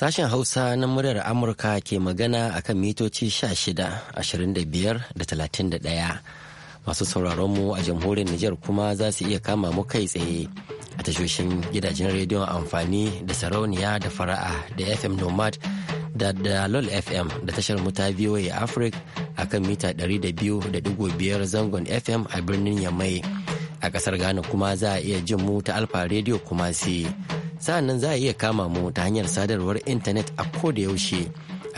Sashen Hausa na muryar Amurka ke magana a kan mitoci 16, 25 da 31. Masu mu a jamhuriyar Nijar kuma za su iya kama mu kai tsaye a tashoshin gidajen rediyon amfani da sarauniya da fara'a da FM Nomad da Dalol FM da tashar muta VOA Africa a kan mita 200.5 zangon FM a birnin Yamai. A ƙasar Ghana kuma za a iya jin mu ta Alfa Radio Kumasi. sa'an nan za a iya kama mu ta hanyar sadarwar intanet a ko da yaushe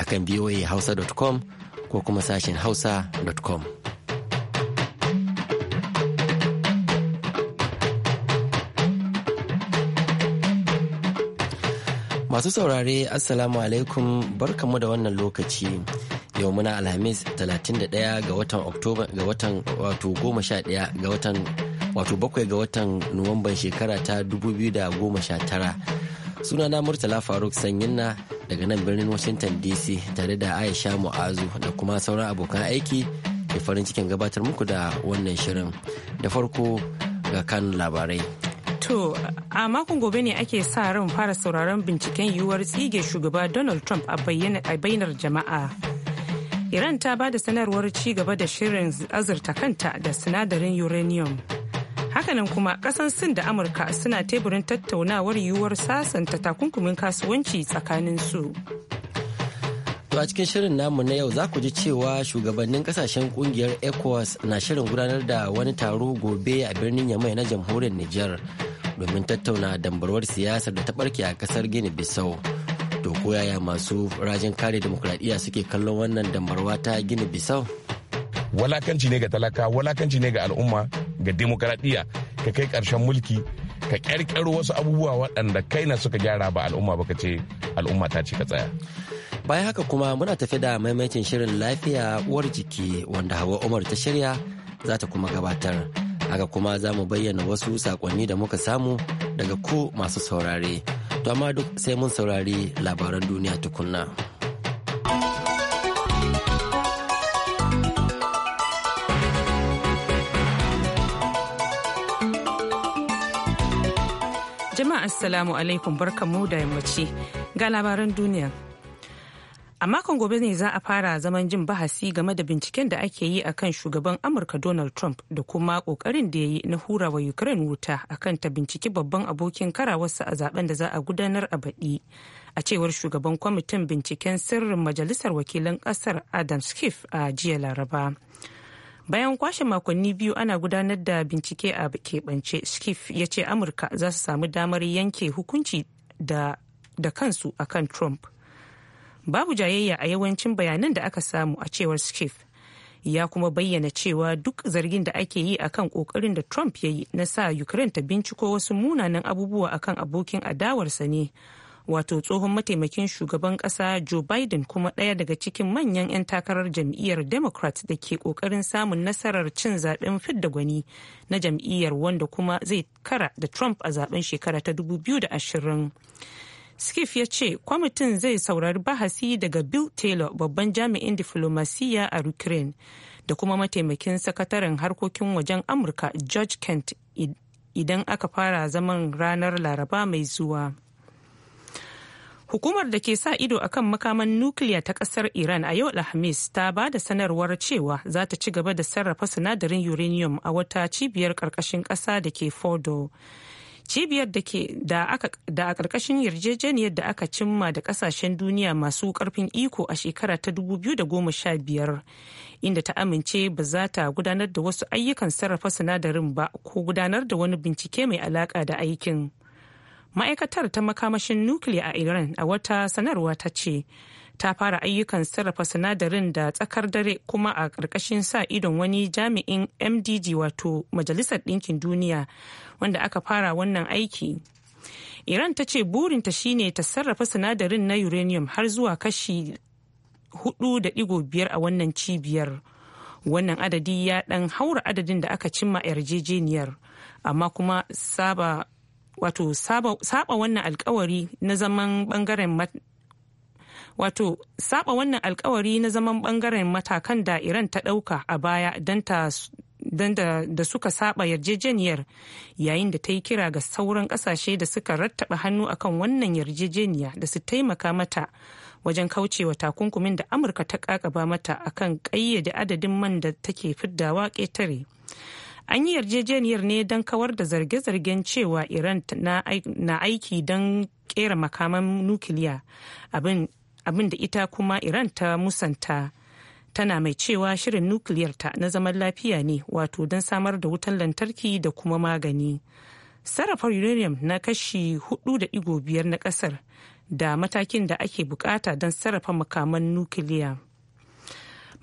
a kan voahausa.com ko kuma sashen hausa.com. Masu saurare Assalamu alaikum barkamu da wannan lokaci. Yau muna Alhamis 31 ga watan Oktoba ga watan wato 11 ga watan wato bakwai ga watan nuwamban shekara ta 2019 sunana murtala faruk sanyin na daga nan birnin washington dc tare da aisha mu'azu da kuma sauran abokan aiki da farin cikin gabatar muku da wannan shirin da farko ga kan labarai To, a makon gobe ne ake sa ran fara sauraron binciken yiwuwar tsige shugaba Donald Trump a bayyanar jama'a. Iran ta ba da sanarwar ci gaba da shirin azurta kanta da sinadarin uranium. hakanan kuma kasan sin da amurka suna teburin tattaunawar yiwuwar sasanta takunkumin kasuwanci tsakanin su To a cikin shirin namu na yau za ku ji cewa shugabannin kasashen kungiyar ECOWAS na shirin gudanar da wani taro gobe a birnin Yamai na jamhuriyar niger domin tattauna dambarwar siyasar da ta barke a kasar Gini Bissau. To koyaya masu rajin kare demokradiyya suke kallon wannan dambarwa ta Gini Bissau? Walakanci ne ga talaka, walakanci ne ga al'umma, ga demokaradiyya ka kai ƙarshen mulki ka ƙyarƙyaro wasu abubuwa waɗanda kai na suka gyara ba al'umma ba ka ce al'umma ta ce ka tsaya. bayan haka kuma muna tafi da maimaitin shirin lafiya uwar jiki wanda hawa umar ta shirya za ta kuma gabatar haka kuma za mu bayyana wasu saƙonni da muka samu daga ku masu saurare to amma duk sai mun saurari labaran duniya tukunna. Assalamu alaikum barkamu da yammaci ga labaran duniya. A makon gobe ne za a fara zaman jin bahasi game da binciken da ake yi akan shugaban Amurka Donald Trump da kuma kokarin da ya yi na hura wa Ukraine wuta akan ta binciki babban abokin karawarsa a zaben da za a gudanar a baɗi. A cewar shugaban kwamitin binciken sirrin majalisar wakilan ƙasar Adam Schiff a jiya Laraba. bayan kwashe makonni biyu ana gudanar da bincike a keɓance skif ya ce amurka za su samu damar yanke hukunci da, da kansu akan trump babu jayayya a yawancin bayanan da aka samu a cewar skif ya kuma bayyana cewa duk zargin da ake yi akan kokarin da trump ya yi na sa ukraine ta binciko wasu munanan abubuwa akan abokin adawarsa ne wato tsohon mataimakin shugaban kasa joe biden kuma ɗaya daga cikin manyan 'yan takarar jam'iyyar democrat da ke ƙoƙarin samun nasarar cin zaɓen fidda gwani na jam'iyyar wanda kuma zai kara da trump a zaben shekara ta 2020 skif ya ce kwamitin zai saurari bahasi daga Bill Taylor babban jami'in diflomasiya a Ukraine da kuma mataimakin sakataren harkokin wajen Amurka George Kent idan aka fara zaman ranar Laraba mai zuwa. Hukumar da ke sa ido a kan makaman nukiliya ta kasar Iran a yau Alhamis ta ba da sanarwar cewa za ta ci gaba da sarrafa sinadarin uranium a wata cibiyar karkashin ƙasa da ke Fordo. Cibiyar da ke da a ƙarƙashin yarjejeniyar da aka cimma da ƙasashen duniya masu ƙarfin iko a shekara ta 2015 inda ta amince ba za ta gudanar da wasu ayyukan sarrafa sinadarin ba ko gudanar da wani bincike mai alaƙa da aikin. ma'aikatar ta makamashin nukiliya a iran a wata sanarwa ta ce ta fara ayyukan sarrafa sinadarin da tsakar dare kuma a ƙarƙashin sa idon wani jami'in mdg wato majalisar ɗinkin duniya wanda aka fara wannan aiki iran ta ce burinta shine ta sarrafa sinadarin na uranium har zuwa kashi 4.5 a wannan cibiyar wannan adadi ya ɗan haura adadin da aka cimma yarjejeniyar amma kuma saba wato saba wannan alkawari na zaman bangaren wato saba wannan alkawari na zaman bangaren matakan da iran ta dauka a baya don da suka saba yarjejeniyar yayin da ta yi kira ga sauran kasashe da suka rattaba hannu akan wannan yarjejeniya da su taimaka mata wajen kaucewa takunkumin da amurka ta kakaba mata akan kayyade adadin man da take fiddawa ketare an yi yarjejeniyar ne don kawar da zarge-zargen cewa iran na aiki don kera makaman nukiliya abin da ita kuma iran ta musanta tana mai cewa shirin nukiliyarta na zaman lafiya ne wato don samar da wutan lantarki da kuma magani sarrafar uranium na kashi 4.5 na kasar da matakin da ake bukata don sarrafa makaman nukiliya.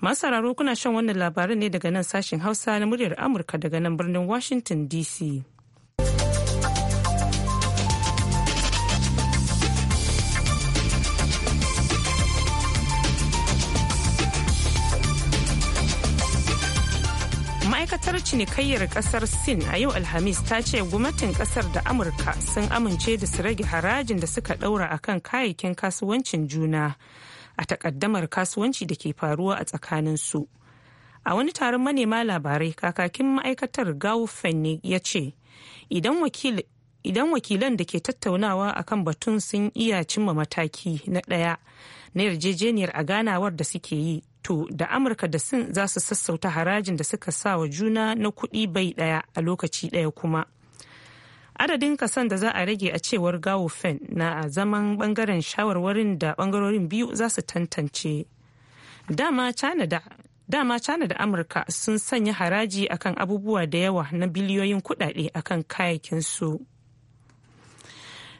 Masu sauraro kuna shan wannan labarin ne daga nan sashen Hausa na muryar Amurka daga nan birnin Washington DC. ma'aikatar cinikayyar kasar sin a yau alhamis ta ce gwamnatin kasar da amurka sun amince da su rage harajin da suka daura akan kayayyakin kasuwancin juna a takaddamar kasuwanci da ke faruwa a tsakanin su A wani taron manema labarai kakakin ma'aikatar Gao ya ce, Idan wakilan da ke tattaunawa a kan batun sun iya cimma mataki na ɗaya na yarjejeniyar a ganawar da suke yi, to da Amurka da Sin za su sassauta harajin da suka sa wa juna na kuɗi bai ɗaya a lokaci ɗaya kuma. adadin kasan da za a rage a cewar gawo fen na zaman bangaren shawarwarin da bangarorin biyu za su tantance dama china da amurka sun sanya haraji akan abubuwa da yawa na biliyoyin kudade akan su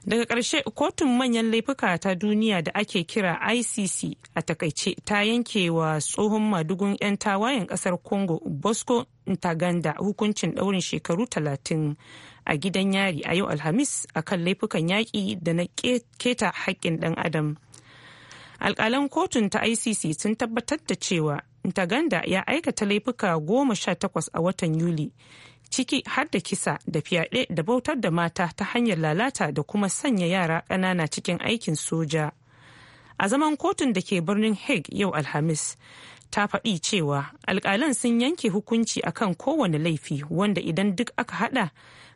daga ƙarshe kotun manyan laifuka ta duniya da ake kira icc a takaice ta yanke wa tsohon madugun 'yan tawayen ƙasar congo bosco ntaganda hukuncin ɗaurin shekaru talatin a gidan yari a yau alhamis a kan laifukan yaƙi da na keta haƙƙin ɗan adam alƙalan kotun ta icc sun tabbatar da cewa ntaganda ya aikata laifuka goma sha takwas a watan yuli ciki har da kisa da fyaɗe da bautar da mata ta hanyar lalata da kuma sanya yara ƙanana cikin aikin soja a zaman kotun da ke birnin hague yau alhamis ta faɗi cewa alƙalan sun yanke hukunci akan kowane laifi wanda idan duk aka haɗa.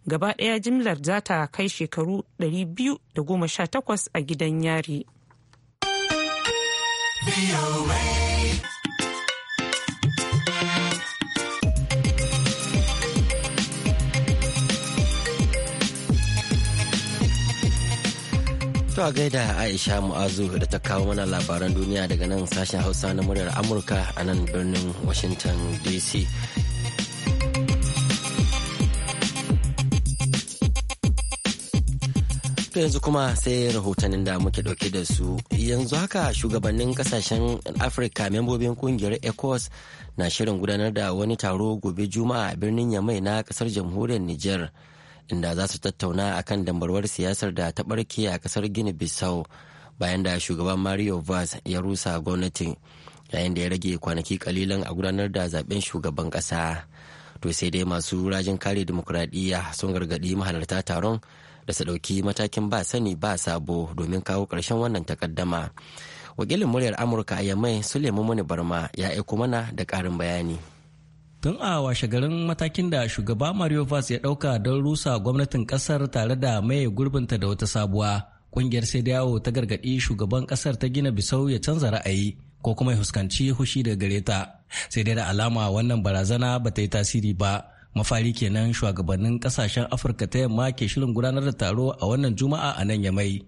gaba ɗaya jimlar za ta kai shekaru 218 a gidan yari. To a gaida Aisha Mu'azu da ta kawo mana labaran duniya daga nan sashen Hausa na muryar Amurka a nan birnin Washington DC. to yanzu kuma sai rahotannin da muke dauke da su yanzu haka shugabannin kasashen afirka membobin kungiyar ecos na shirin gudanar da wani taro gobe juma'a a birnin yamai na kasar jamhuriyar niger inda za su tattauna kan dambarwar siyasar da ta barke a kasar gini bissau bayan da shugaban mario vaz ya rusa gwamnati yayin da ya rage kwanaki kalilan a gudanar da zaben shugaban kasa to sai dai masu rajin kare dimokuraɗiyya sun gargaɗi mahalarta taron da su ɗauki matakin ba sani ba sabo domin kawo ƙarshen wannan takaddama. Wakilin muryar Amurka a Yamai Suleiman Muni Barma ya aiko mana da ƙarin bayani. Tun a washe garin matakin da shugaba Mario Vaz ya ɗauka don rusa gwamnatin ƙasar tare da mai gurbinta da wata sabuwa, ƙungiyar sai yawo ta gargaɗi shugaban ƙasar ta gina bisau ya canza ra'ayi ko kuma ya fuskanci hushi da gareta Sai dai da alama wannan barazana ba ta yi tasiri ba, mafari kenan shugabannin kasashen afirka ta yamma ke shirin gudanar da taro a wannan juma'a a nan yamai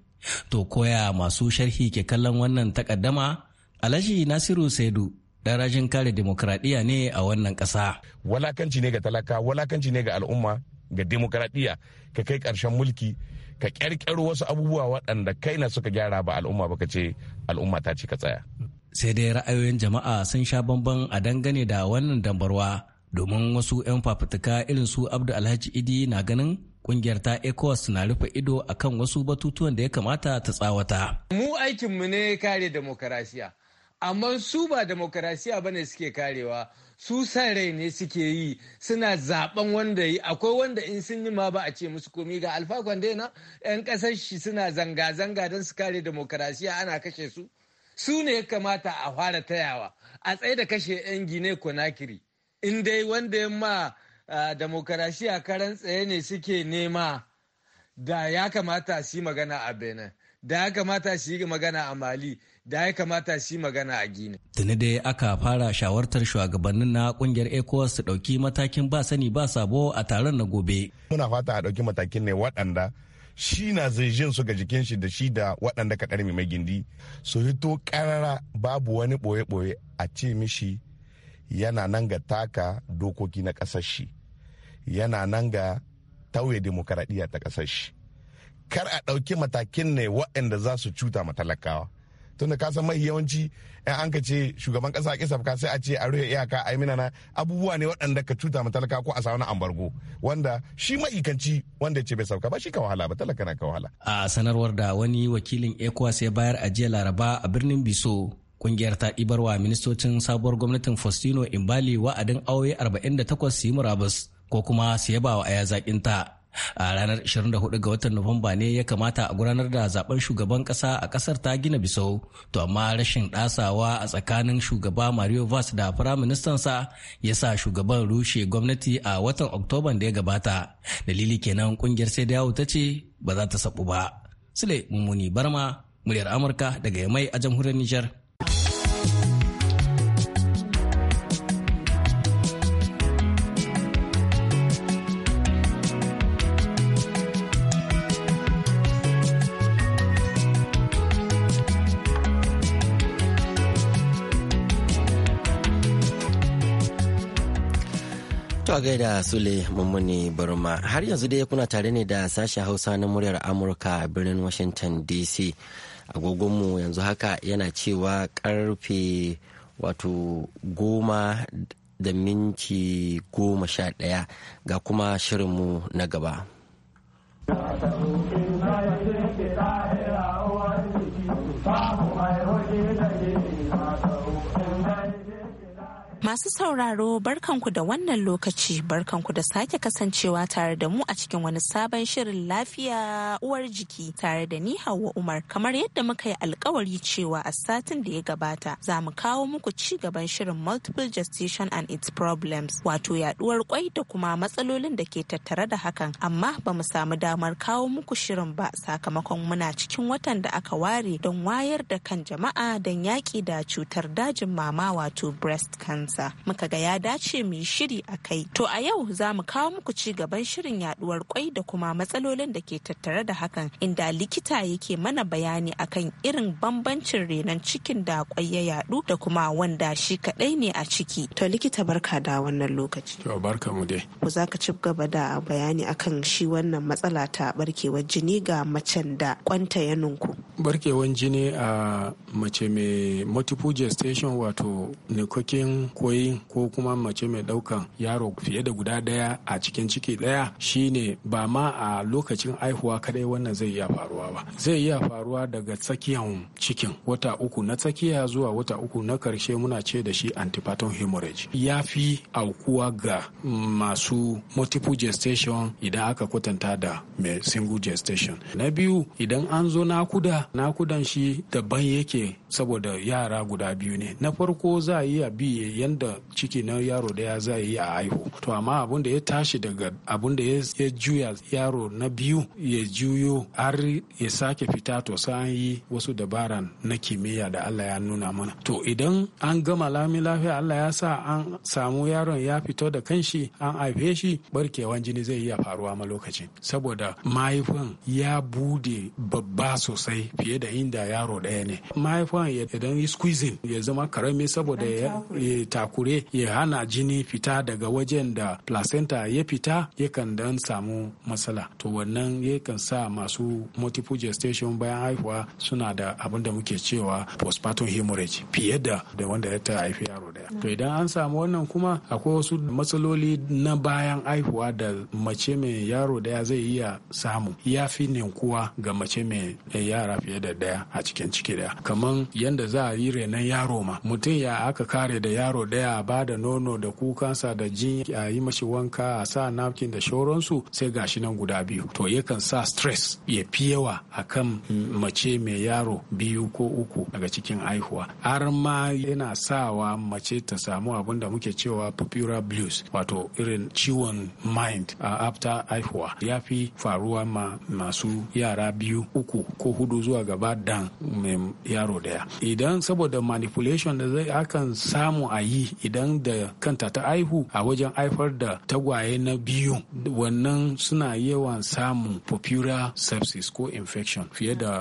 to koya masu sharhi ke kallon wannan takaddama alhaji nasiru saidu darajin kare demokradiyya ne a wannan kasa walakanci ne ga talaka walakanci ne ga al'umma ga demokradiyya ka kai ƙarshen mulki ka ƙyarƙyaro wasu abubuwa waɗanda kai na suka gyara ba al'umma ba ka ce al'umma ta ce ka tsaya sai dai ra'ayoyin jama'a sun sha bamban a dangane da wannan dambarwa domin wasu 'yan fafutuka irin su abdu alhaji idi na ganin kungiyar ta ecowas na rufe ido akan wasu batutuwan da ya kamata ta tsawata mu aikinmu ne kare demokarasiya amma su ba demokarasiya bane suke karewa su san rai ne suke yi suna zaben wanda yi akwai wanda in sun yi ma ba a ce musu komi ga alfa kwandena yan kasar shi suna zanga-zanga don su kare demokarasiya ana kashe su su ne ya kamata a fara tayawa a tsaye da kashe yan gine konakiri in dai wanda ya ma demokarasiya karan tsaye ne suke nema da ya kamata shi magana a benin da ya kamata shi magana a mali da ya kamata shi magana a gini. tuni dai aka fara shawartar shugabannin na kungiyar ecowas su dauki matakin ba sani ba sabo a taron na gobe muna fata a dauki matakin ne waɗanda shi na zirjin su ga jikin shi da shi da waɗanda kaɗar mai gindi su hito karara babu wani ɓoye-ɓoye a ce mishi yana nan ga taka dokoki na ƙasar shi yana nan ga tauye demokaradiyya ta ƙasar shi kar a ɗauki matakin ne waɗanda za su cuta talakawa tun da kasan mai yawanci yan an ka ce shugaban ƙasa kisa sai a ce a rufe iyaka a minana abubuwa ne waɗanda ka cuta ma talaka ko a sa wani ambargo wanda shi maikanci wanda ce bai sauka ba shi ka wahala ba talaka na ka wahala. a sanarwar da wani wakilin ecowas ya bayar a jiya laraba a birnin biso Kungiyar ta barwa ministocin sabuwar gwamnatin Faustino Imbali wa'adin aure 48 su yi murabus ko kuma su yaba wa aya zaƙinta. A ranar 24 ga watan Nuwamba ne ya kamata a gudanar da zaben shugaban ƙasa a ƙasar ta gina bisau, to amma rashin ɗasawa a tsakanin shugaba Mario Vaz da firaministansa ya sa shugaban rushe gwamnati a watan Oktoban da ya gabata. Dalili kenan kungiyar sai da yawo ta ce ba za ta sabu ba. Sule Mummuni Barma, muryar Amurka daga Yamai a jamhuriyar Nijar. a gaida Sule Mummuni Burma. Har yanzu dai kuna tare ne da sashen Hausa na muryar Amurka a birnin Washington DC. Agogonmu yanzu haka yana cewa karfe wato goma da minti goma sha ɗaya ga kuma shirinmu na gaba. Masu sauraro barkanku da wannan lokaci barkanku da sake kasancewa tare da mu a cikin wani sabon shirin lafiya uwar jiki tare da ni Hauwa Umar kamar yadda muka yi alkawari cewa a satin da ya gabata za mu kawo muku ci gaban shirin multiple gestation and its problems wato yaduwar kwai da kuma matsalolin da ke tattare da hakan amma ba mu samu damar kawo muku shirin ba sakamakon muna cikin watan da aka ware don wayar da kan jama'a don yaki da cutar dajin mama wato breast cancer. amsa muka ga ya dace mu yi shiri a kai to a yau za mu kawo muku ci gaban shirin yaduwar kwai da kuma matsalolin da ke tattare da hakan inda likita yake mana bayani akan irin bambancin renon cikin da kwai ya yadu da kuma wanda shi kadai ne a ciki to likita barka da wannan lokaci to barka mu dai ku za ka ci gaba da bayani akan shi wannan matsala ta barkewar jini ga macen da kwanta ya nunku barkewar jini a mace mai multiple gestation wato nikokin koyi ko kuma mace mai ɗaukan yaro fiye da guda ɗaya a cikin ciki ɗaya shine ba ma a lokacin aihuwa kadai wannan zai iya faruwa ba zai iya faruwa daga tsakiyan cikin wata uku na tsakiya zuwa wata uku na karshe muna ce da shi antipaton hemorrhage ya fi aukuwa ga masu multiple gestation idan aka kwatanta da mai single gestation na biyu idan an zo nakuda nakudan shi daban yake saboda yara guda biyu ne na farko za a yi a bi yadda ciki na yaro daya za yi a haihu to amma abun da ya tashi daga abun da ya juya yaro na biyu ya juyo har ya sake fita to saan an yi wasu dabaran na kimiyya da Allah ya nuna mana to idan an gama lami lafiya Allah ya sa an samu yaron ya fito da kanshi an haife shi barkewan jini zai iya faruwa ma lokaci saboda mahaifin ya bude babba sosai fiye da inda yaro daya ne mahaifin ya idan yi ya zama karami saboda ya takure ya hana jini fita daga wajen da placenta ya fita yakan dan samu matsala to wannan yakan sa masu multiple gestation bayan haihuwa suna da abin da muke cewa postpartum hemorrhage fiye da wanda ya ta haifi yaro daya to idan an samu wannan kuma akwai wasu matsaloli na bayan haihuwa da mace mai yaro daya zai iya samu ya fi ninkuwa ga mace mai yara fiye da daya a cikin ciki daya kaman. yanda za a yi renon yaro ma mutum ya aka kare da yaro daya a ba da nono da kukansa da jin a yi mashi wanka a sa napkin da shauransu sai gashi nan guda biyu to yakan sa stress ya fi yawa a kan mace mai yaro biyu ko uku daga cikin aihuwa har ma yana sawa mace ta samu abin da muke cewa popular blues wato irin ciwon mind a after aihuwa ya fi faruwa ma masu yara biyu uku ko hudu zuwa gaba dan mai yaro da daya idan saboda manipulation da zai akan samu a yi idan da kanta ta aihu a wajen haifar da tagwaye na biyu wannan suna yawan samun popular sepsis ko infection fiye da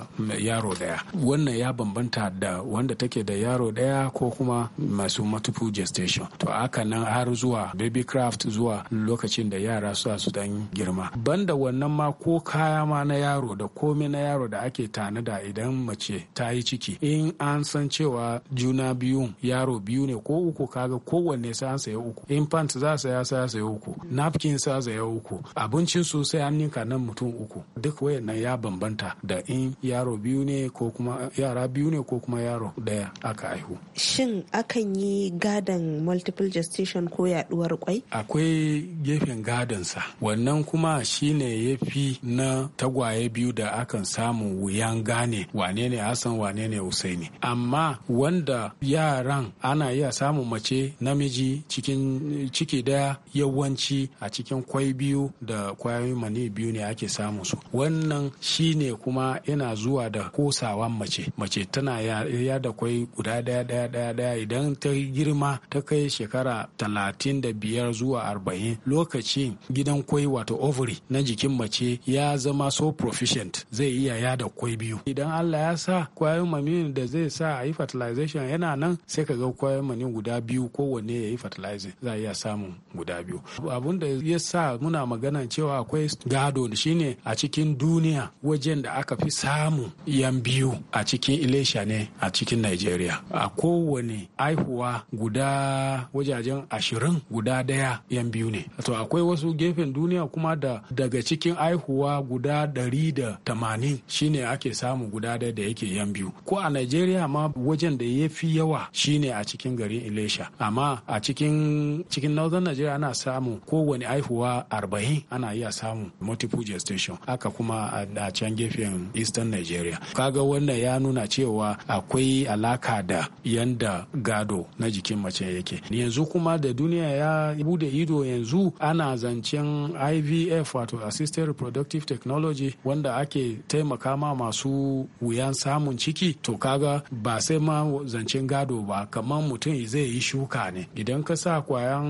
yaro daya wannan ya bambanta da wanda take da yaro daya ko kuma masu multiple gestation to haka nan har zuwa baby craft zuwa lokacin da yara su su dan girma banda wannan ma ko kaya ma na yaro da komai na yaro da ake tanada idan mace ta yi ciki in in an san cewa juna biyu yaro biyu ne ko uku kaga kowanne sai an saya uku infant za saya sai saya uku napkin sa saya uku abincin su sai an ninka nan mutum uku duk wayannan ya bambanta da in yaro biyu ne ko kuma yara biyu ne ko kuma yaro daya aka haihu shin akan yi gadon multiple gestation ko yaduwar kwai akwai gefen sa. wannan kuma shine yafi na tagwaye biyu da akan samu wuyan gane wane ne hassan wane ne usai ne amma wanda yaran ana iya samun mace namiji cikin ciki daya yawanci a cikin kwai biyu da kwayoyin mani biyu ne ake samu su wannan shine kuma yana zuwa da kosawan mace mace tana ya da kwai guda daya daya daya daya idan ta girma ta kai shekara talatin da biyar zuwa arba'in lokacin gidan kwai wato ovary na jikin mace ya zama so proficient zai iya ya da kwai biyu idan allah ya sa kwayoyin mani da da zai sa a yi fertilization yana nan sai ka ga kwayan mani guda biyu kowanne ya yi fertilizing za a iya samun guda biyu abun da ya sa muna magana cewa akwai gado shine a cikin duniya wajen da aka fi samun yan biyu a cikin ilesha ne a cikin nigeria a kowane aihuwa guda wajajen ashirin guda daya yan biyu ne to akwai wasu gefen duniya kuma da daga cikin aihuwa guda dari da tamanin shine ake samu guda daya da yake yan biyu ko a nigeria najeriya ma wajen da ya fi yawa shine a cikin garin ilesha amma a cikin cikin northern najeriya ana samu kowane haihuwa arba'in ana iya samu multiple gestation haka kuma a can gefen eastern najeriya kaga wannan ya nuna cewa akwai alaka da yanda gado na jikin mace yake yanzu kuma da duniya ya bude ido yanzu ana zancen ivf wato assisted reproductive technology wanda ake taimaka ma masu wuyan samun ciki to kaga ga ba sai ma zancen gado ba kamar mutum zai yi shuka ne idan ka sa kwayan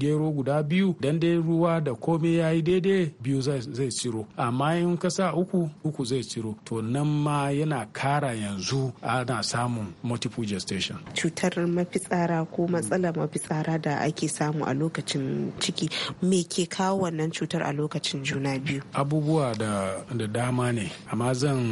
gero guda biyu dan dai ruwa da komai ya yi daidai biyu zai ciro amma in ka sa uku uku zai ciro to nan ma yana kara yanzu ana samun multiple gestation cutar mafitsara ko matsala mafitsara da ake samu a lokacin ciki me ke kawo wannan cutar a lokacin juna biyu abubuwa da dama ne amma zan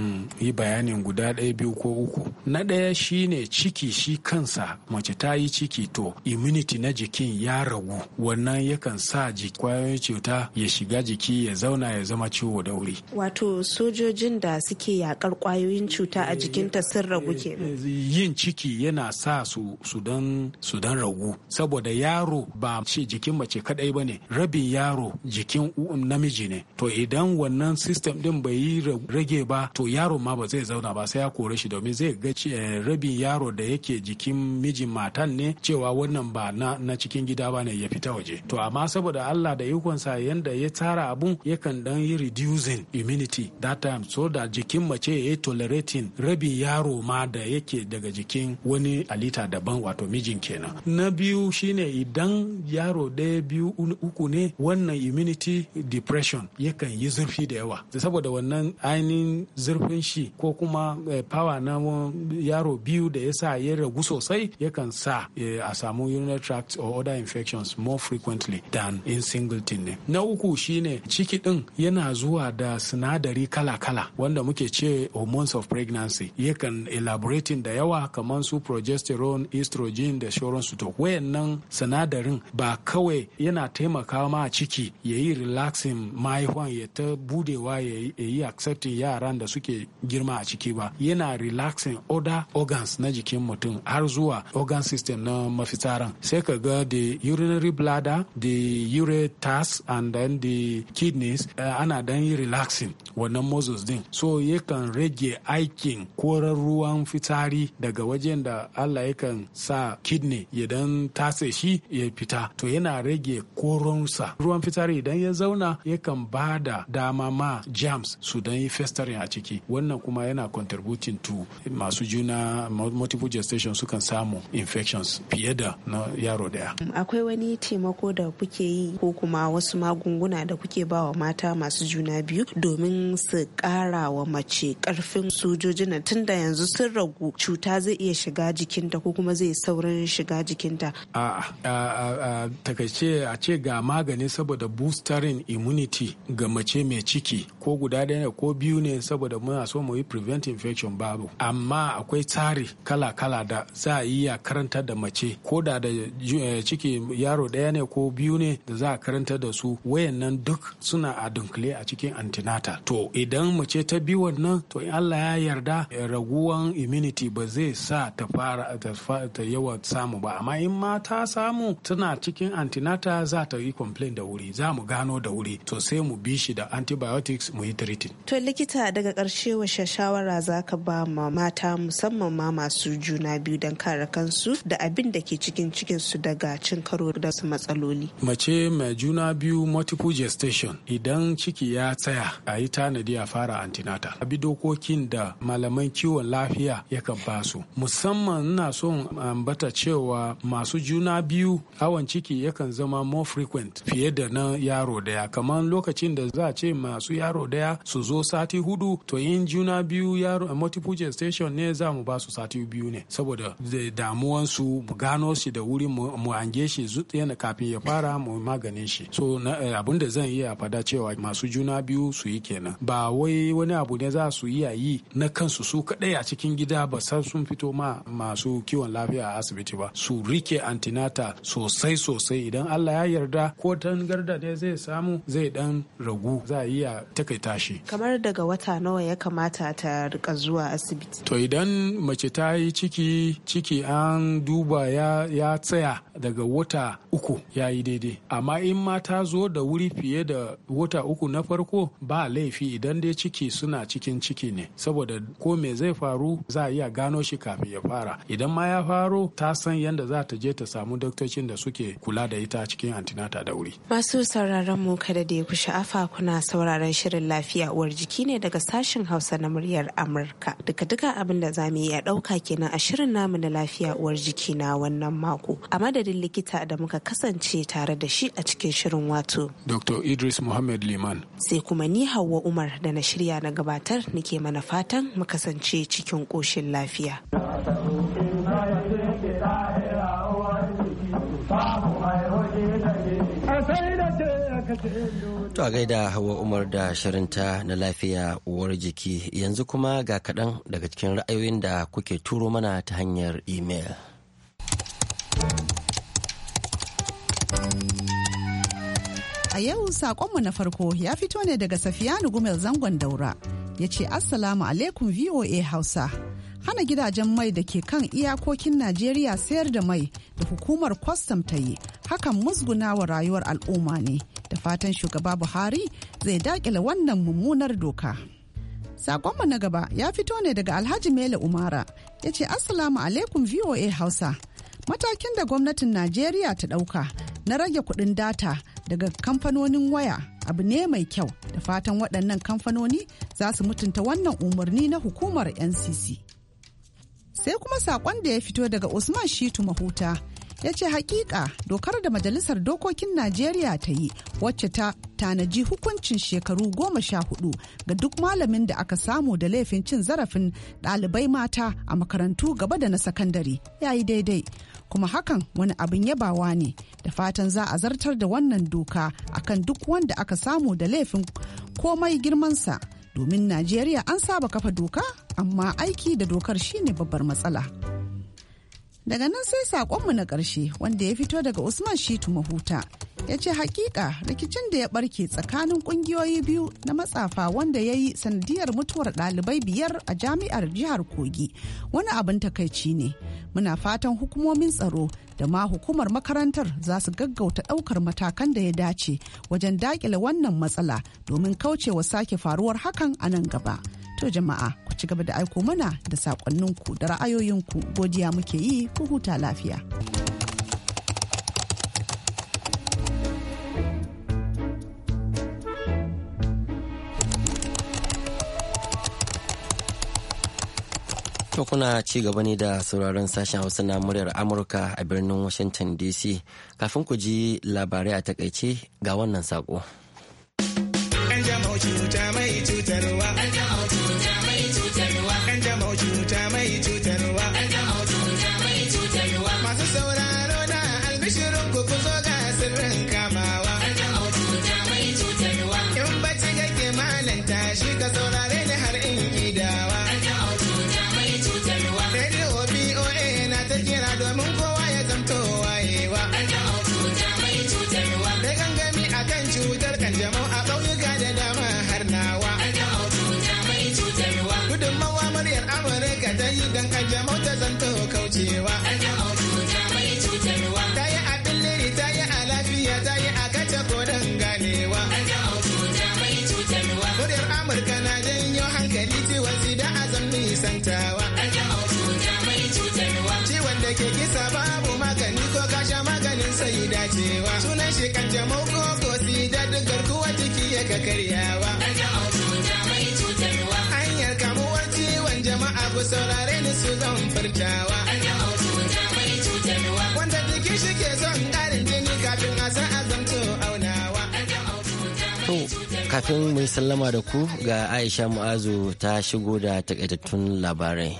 yi bayanin guda ɗaya biyu ko uku na ɗaya shine ciki shi kansa mace ta yi ciki to immunity na jikin ya ragu wannan yakan sa kwayoyin cuta ya shiga jiki ya zauna ya zama ciwo da wuri wato sojojin da suke yakar kwayoyin cuta a eh, jikinta sun ragu eh, ke eh, yin ciki yana sa su don su ragu saboda yaro ba ce jikin mace kadai ba ne rabin yaro jikin namiji ne to idan wannan system din bai yi rage ba to yaro ma ba zai zauna ba sai ya kore shi domin zai zai ga eh, rabin yaro da yake jikin mijin matan ne cewa wannan ba na, na cikin gida ba ne ya fita waje to amma saboda Allah da ikonsa yanda ya tsara abun yakan dan yi reducing immunity that time so da jikin mace ya tolerating rabin yaro ma da yake daga jikin wani alita daban wato mijin kenan na biyu shine idan yaro ɗaya biyu uku ne wannan immunity depression yakan yi zurfi da yawa saboda wannan ainihin zurfin shi ko kuma eh, power na yaro biyu da ya sa ya ragu sosai yakan sa eh, a samu urinary tract or other infections more frequently than in singleton ne na uku shine ciki din yana zuwa da sinadari kala-kala wanda muke ce hormones of pregnancy yakan elaborating da yawa kamar su progesterone estrogen da su to wayannan sinadarin ba kawai yana taimakawa ma ciki ya yi relaxing mahaifan ya ta budewa ya yi accepting yaran da suke girma a ciki ba yana relaxing affecting other organs na jikin mutum har zuwa organ system na mafitsaran sai ka ga the urinary bladder the ureters and then the kidneys uh, ana dan yi relaxing wannan muscles din so kan rage aikin korar ruwan fitsari daga wajen da Allah kan sa kidney ya dan tase shi ya fita to yana rage koronsa ruwan fitsari idan ya zauna yakan ba da dama ma germs su dan yi festering a ciki wannan kuma yana contributing to masu juna multiple gestation sukan samu infections fiye da na yaro daya akwai wani taimako da kuke yi ko kuma wasu magunguna da kuke ba wa mata masu juna biyu domin su kara wa mace karfin sojojina tun da yanzu sun ragu cuta zai iya shiga jikinta ko kuma zai saurin shiga jikinta a takaice a ce ga magani saboda boostering immunity ga mace mai ciki ko guda ɗaya ko biyu ne saboda muna so mu yi prevent infection babu amma amma akwai tsari kala-kala da za a iya karanta da mace ko da da eh, ciki yaro ɗaya ne ko biyu ne da za a karanta da su wayannan duk suna a dunkule a cikin antinata to idan mace ta bi wannan to in Allah ya yarda eh, raguwan immunity ba zai sa ta fara ta yawa samu ba amma in ma ta samu tana cikin antinata za ta yi complain da wuri za mu gano da wuri to sai mu bi shi da antibiotics mu yi treating to likita daga karshe wa shawara za ka ba ma mata mata musamman ma masu juna biyu don kare kansu da abin da ke cikin cikinsu daga cin karo da su matsaloli. Mace mai juna biyu multiple gestation idan ciki ya tsaya a yi tanadi a fara antinata. Abi dokokin da malaman kiwon lafiya yakan basu. Musamman ina son ambata cewa masu juna biyu hawan ciki yakan zama more frequent fiye da na yaro daya. Kamar lokacin da za a ce masu yaro daya su zo sati hudu to yin juna biyu yaro multiple gestation option ne za mu ba su sati biyu ne saboda damuwansu mu gano shi da wuri mu hange shi yana kafin ya fara mu maganin shi so eh, abin da zan iya fada cewa masu juna biyu su yi kenan ba wai wani abu ne za su iya yi na kansu su kadai a cikin gida ba san sun fito ma masu kiwon lafiya a asibiti ba su rike antinata sosai sosai idan Allah ya yarda ko tangarda ne zai samu zai dan ragu za a iya takaita shi kamar daga wata nawa ya kamata ta rika zuwa asibiti to idan mace ta yi ciki ciki an duba ya, tsaya daga wata uku ya yi daidai amma in ma ta zo da wuri fiye da wata uku na farko ba laifi idan dai ciki suna cikin ciki ne saboda ko me zai faru za a iya gano shi kafin ya fara idan ma ya faro ta san yadda za ta je ta samu doktocin da suke kula da ita cikin antinata da wuri masu sauraron mu kada da ku sha'afa kuna sauraron shirin lafiya uwar jiki ne daga sashen hausa na muryar amurka duka-duka abin da za mu a ɗauka kenan a shirin namu na lafiya uwar jiki na wannan mako. A madadin likita da muka kasance tare da shi a cikin shirin wato. Dr. Idris Muhammad Liman. Sai kuma ni Hauwa Umar da na shirya na gabatar nake mana fatan mu kasance cikin ƙoshin lafiya. Thank you. To a gaida Hawa Umar da shirinta na lafiya uwar jiki yanzu kuma ga kaɗan daga cikin ra'ayoyin da kuke turo mana ta hanyar imel. A yau saƙonmu na farko ya fito ne daga Safiyanu Gumel zangon daura ya ce Assalamu alaikum VOA Hausa. hana gidajen mai da ke kan iyakokin najeriya sayar da mai da hukumar kwastam ta yi hakan musgunawa rayuwar al'umma ne da fatan shugaba buhari zai dakila wannan mummunar doka sakonmu na gaba ya fito ne daga alhaji mele umara ya ce assalamu alaikum voa hausa matakin da gwamnatin najeriya ta ɗauka na rage kuɗin data daga kamfanonin waya abu ne mai kyau da fatan waɗannan kamfanoni za su mutunta wannan umarni na hukumar ncc sai kuma saƙon da ya fito daga usman shitu mahuta ya ce hakika dokar da majalisar dokokin najeriya ta yi wacce ta tanaji hukuncin shekaru goma sha hudu ga duk malamin da aka samu da laifin cin zarafin ɗalibai mata a makarantu gaba da na sakandare ya yi daidai kuma hakan wani abin yabawa ne da fatan za a zartar da wannan doka akan duk wanda aka samu da laifin komai girmansa. domin najeriya an saba kafa doka amma aiki da dokar shine babbar matsala daga nan sai saƙonmu na ƙarshe wanda ya fito daga usman shitu mahuta ya ce hakika rikicin da ya barke tsakanin ƙungiyoyi biyu na matsafa wanda ya yi sanadiyar mutuwar ɗalibai biyar a jami'ar jihar kogi wani abin takaici ne muna fatan hukumomin tsaro da ma hukumar makarantar za su gaggauta ɗaukar matakan da ya dace wajen daƙile wannan matsala domin kaucewa sake faruwar hakan a nan gaba. To jama'a ku ci gaba da aiko mana da ku da ra'ayoyinku godiya muke yi ku huta lafiya. To kuna ci gaba ne da sauraron sashen Hausa na muryar Amurka a birnin Washington DC. Kafin ku ji labarai a takaice ga wannan saƙo. ce kanjamau ko kosi da duk garkuwa jiki ya ga karyawa. Hanyar kamuwar ciwon jama'a ku saurare ni su zan furtawa. Wanda jiki shi ke son ƙarin jini kafin a san azamto aunawa. Kafin mu sallama da ku ga Aisha Mu'azu ta shigo da takaitattun labarai.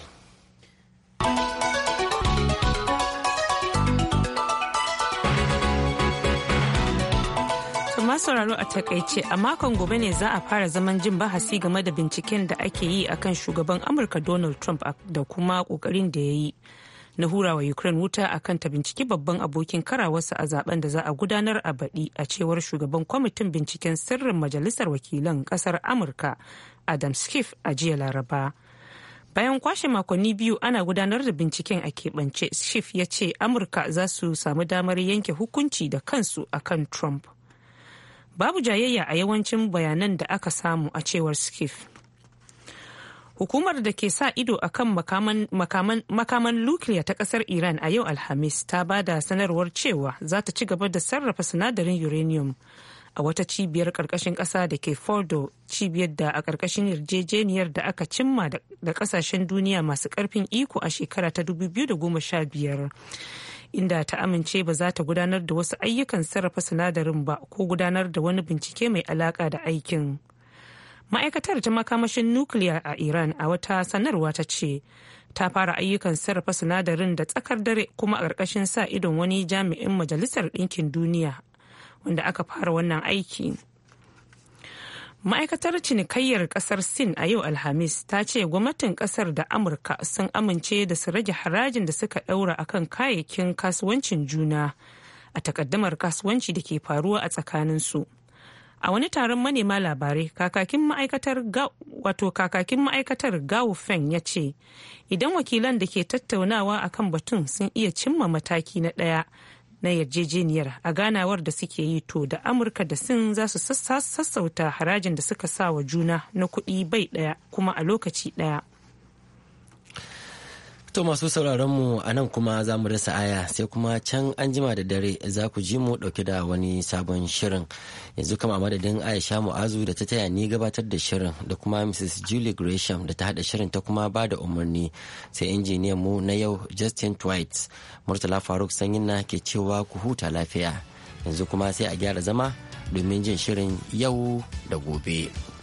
sauraro a takaice a makon gobe ne za a fara zaman jin bahasi game da binciken da ake yi akan shugaban Amurka Donald Trump da kuma kokarin da ya yi na hurawa Ukraine wuta akan ta binciki babban abokin karawarsa a zaben da za a gudanar a baɗi a cewar shugaban kwamitin binciken sirrin majalisar wakilan ƙasar Amurka Adam Schiff a jiya Laraba. bayan kwashe makonni biyu ana gudanar da binciken a keɓance schiff ya ce amurka za su samu damar yanke hukunci da kansu akan trump babu jayayya a yawancin bayanan da aka samu a cewar skif hukumar da ke sa ido a kan makaman, nukiliya ta kasar iran a yau alhamis ta ba da sanarwar cewa za ta ci gaba da sarrafa sinadarin uranium a wata cibiyar karkashin kasa da ke fordo cibiyar da a karkashin yarjejeniyar da aka cimma da kasashen duniya masu karfin iko a shekara ta 2015 inda ta amince ba za ta gudanar da wasu ayyukan sarrafa sinadarin ba ko gudanar da wani bincike mai alaka da aikin. Ma'aikatar ta makamashin nukiliya a Iran a wata sanarwa ta ce ta fara ayyukan sarrafa sinadarin da tsakar dare kuma a ƙarƙashin sa idon wani jami'in Majalisar Ɗinkin Duniya wanda aka fara wannan aiki. ma'aikatar cinikayyar kasar sin a yau alhamis ta ce gwamnatin kasar da amurka sun amince da su rage harajin da suka daura akan kayayyakin kasuwancin juna a takaddamar kasuwanci da ke faruwa a tsakaninsu a wani taron manema labarai kakakin ma'aikatar wato kakakin ma'aikatar gaufen feng ya ce idan wakilan da ke tattaunawa akan batun sun iya cimma mataki na ɗaya na yarjejeniyar a ganawar da suke yi to da amurka da sin za su sassauta harajin da suka sa wa juna na kuɗi bai ɗaya kuma a lokaci ɗaya To masu sauraron mu a nan kuma za mu rasa aya sai kuma can an jima da dare za ku ji mu dauke da wani sabon shirin. Yanzu kama madadin Aisha Mu'azu da ta taya ni gabatar da shirin da kuma Mrs. Julie Gresham da ta hada shirin ta kuma ba da umarni sai injiniyan mu na yau Justin Twight. Murtala Faruk Sanyin na ke cewa ku huta lafiya. Yanzu kuma sai a gyara zama domin jin shirin yau da gobe.